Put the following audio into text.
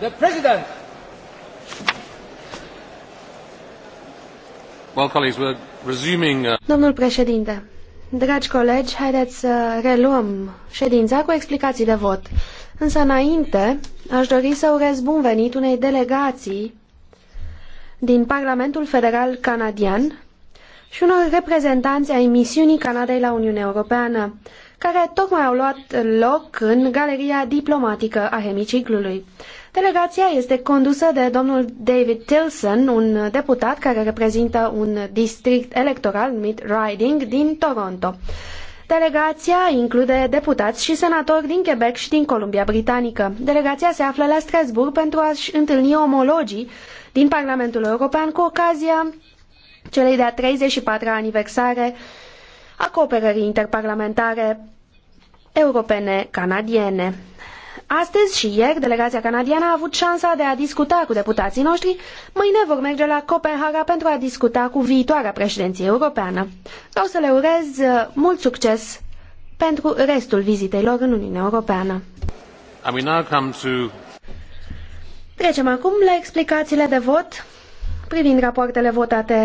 The President. Well, colleagues, we're resuming, uh... Domnul președinte, dragi colegi, haideți să reluăm ședința cu explicații de vot. Însă înainte, aș dori să urez bun venit unei delegații din Parlamentul Federal Canadian și unor reprezentanți ai misiunii Canadei la Uniunea Europeană care tocmai au luat loc în Galeria Diplomatică a Hemiciclului. Delegația este condusă de domnul David Tilson, un deputat care reprezintă un district electoral numit Riding din Toronto. Delegația include deputați și senatori din Quebec și din Columbia Britanică. Delegația se află la Strasbourg pentru a-și întâlni omologii din Parlamentul European cu ocazia celei de-a 34-a aniversare a cooperării interparlamentare europene-canadiene. Astăzi și ieri, delegația canadiană a avut șansa de a discuta cu deputații noștri. Mâine vor merge la Copenhaga pentru a discuta cu viitoarea președinție europeană. Vreau să le urez uh, mult succes pentru restul vizitei lor în Uniunea Europeană. To... Trecem acum la explicațiile de vot privind rapoartele votate